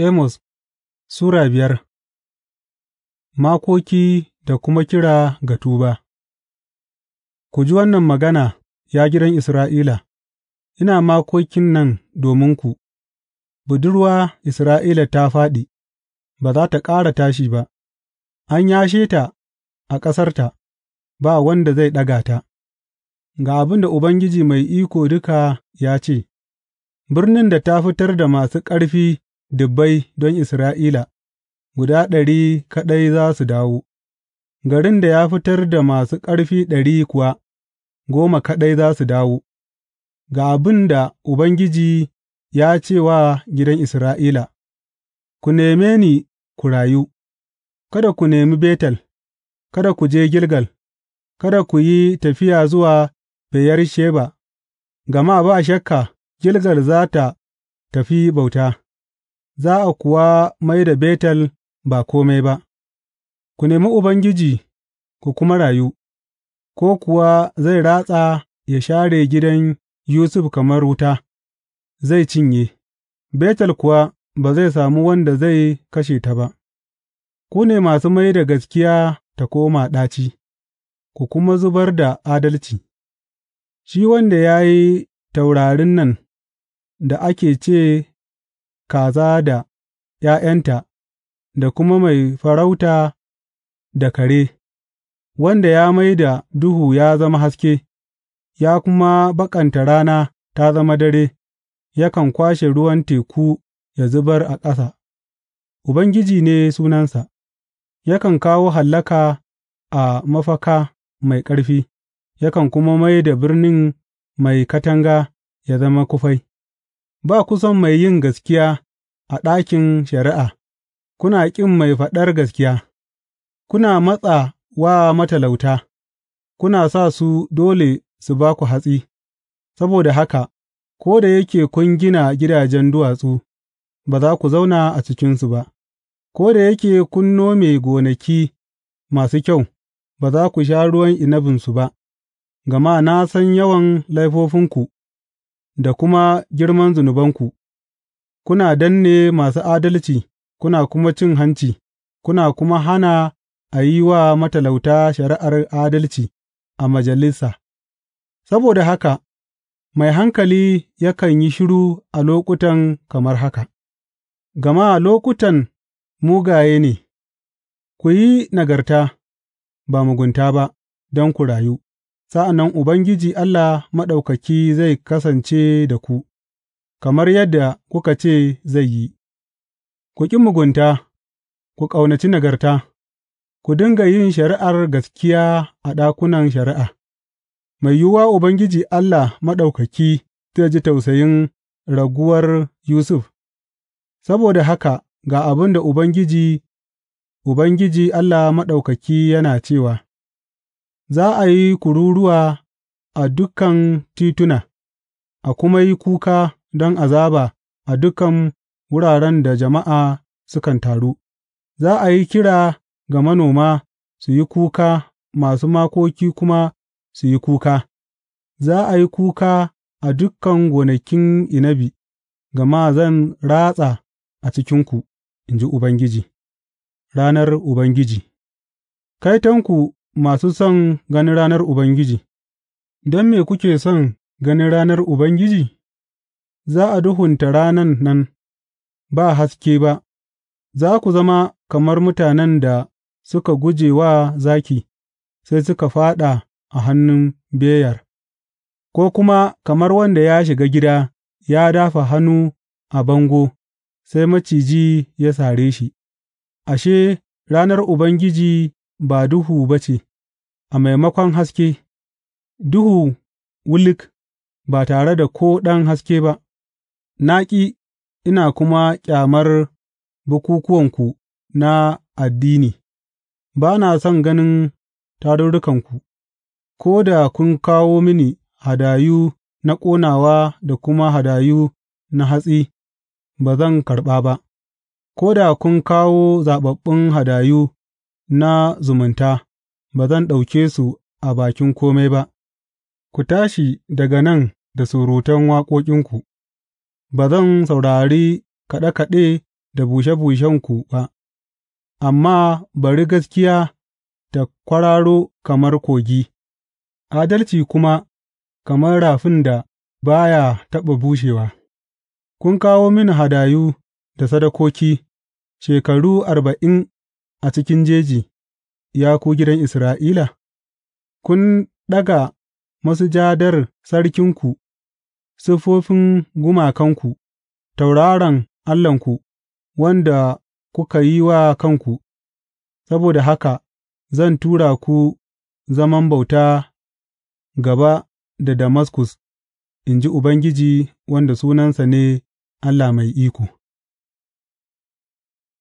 Amos Sura biyar Makoki da kuma kira ga tuba Ku ji wannan magana, ya gidan Isra'ila, ina makokin nan dominku, budurwa Isra'ila ta fāɗi, ba za ta ƙara tashi ba, an yashe ta a ƙasarta, ba wanda zai ɗaga ta, ga abin da Ubangiji Mai Iko Duka ya ce, birnin da ta fitar da masu ƙarfi. dubbai don Isra'ila, guda ɗari kaɗai za su dawo, garin da ya fitar da masu ƙarfi ɗari kuwa goma kaɗai za su dawo, ga abin da Ubangiji ya ce wa gidan Isra'ila, Ku neme ni ku rayu, kada ku nemi Betel, kada ku je Gilgal, kada ku yi tafiya zuwa Beyersheba, gama ba shakka Gilgal za ta tafi bauta. za a kuwa mai da Betel ba kome ba, ku nemi Ubangiji ku kuma rayu, ko kuwa zai ratsa ya share gidan Yusuf kamar wuta, zai cinye, Betel kuwa ba zai sami wanda zai kashe ta ba, ku ne masu mai da gaskiya ta koma ɗaci, ku kuma zubar da adalci, shi wanda ya yi taurarin nan da ake ce kaza da ’ya'yanta da kuma mai farauta da kare, wanda ya mai da duhu ya zama haske, ya kuma baƙanta rana ta zama dare, yakan kwashe ruwan teku ya zubar a ƙasa, Ubangiji ne sunansa, yakan kawo hallaka a mafaka mai ƙarfi, yakan kuma mai da birnin mai katanga ya zama kufai. Ba ku son mai yin gaskiya a ɗakin shari'a, kuna ƙin mai faɗar gaskiya; kuna matsa wa matalauta, kuna sa su dole su ba ku hatsi, saboda haka, ko da yake kun gina gidajen duwatsu, ba za ku zauna a cikinsu ba, ko da yake kun nome gonaki masu kyau, ba za ku sha ruwan inabinsu ba, gama na san yawan laifofinku. da kuma girman zunubanku, kuna danne masu adalci kuna kuma cin hanci, kuna kuma hana a yi wa matalauta shari'ar adalci a majalisa, saboda haka mai hankali yakan yi shiru a lokutan kamar haka, gama lokutan mugaye ne, ku yi nagarta, ba mugunta ba, don ku rayu. Sa'an nan Ubangiji Allah Maɗaukaki zai kasance da ku, kamar yadda kuka ce zai yi, ku ƙi mugunta, ku ƙaunaci nagarta, ku dinga yin shari'ar gaskiya a ɗakunan shari'a, mai yiwuwa Ubangiji Allah Maɗaukaki zai ji tausayin raguwar Yusuf, saboda haka ga abin da Ubangiji, Ubangiji Allah Maɗaukaki yana cewa. Za a yi kururuwa a dukan tituna, a kuma yi kuka don azaba a dukan wuraren da jama'a sukan taru; za a yi kira ga manoma su yi kuka masu makoki kuma su yi kuka; za a yi kuka a dukan gonakin inabi, gama zan ratsa a cikinku, in ji Ubangiji, ranar Ubangiji. Kaitonku! masu son ganin ranar Ubangiji Don me kuke son ganin ranar Ubangiji? Za a duhunta ranan nan, ba haske ba, za ku zama kamar mutanen da suka guje wa zaki, sai suka fāɗa a hannun beyar, ko kuma kamar wanda ya shiga gida ya dafa hannu a bango, sai maciji ya sare shi, ashe, ranar Ubangiji ba duhu ba ce, a maimakon haske, duhu wulik ba tare da ko ɗan haske ba, naƙi ina kuma ƙyamar bukukuwanku na addini, ba na son ganin tarurrukanku, ko da kun kawo mini hadayu na ƙonawa da kuma hadayu na hatsi, ba zan karɓa ba, ko da kun kawo zaɓaɓɓun hadayu na zumunta, ba zan ɗauke su a bakin kome ba; ku tashi daga nan da surutan waƙoƙinku, ba zan saurari kaɗe kaɗe da bushe bushenku ba, amma bari gaskiya ta kwararo kamar kogi, adalci kuma kamar rafin da ba ya taɓa bushewa. Kun kawo mini hadayu da sadakoki shekaru arba'in a cikin jeji, ya ku gidan Isra'ila? Kun ɗaga masujadar sarkinku, siffofin gumakanku, tauraron allahnku, wanda kuka yi wa kanku, saboda haka zan tura ku zaman bauta gaba da Damaskus, in ji Ubangiji wanda sunansa ne Allah Mai Iko.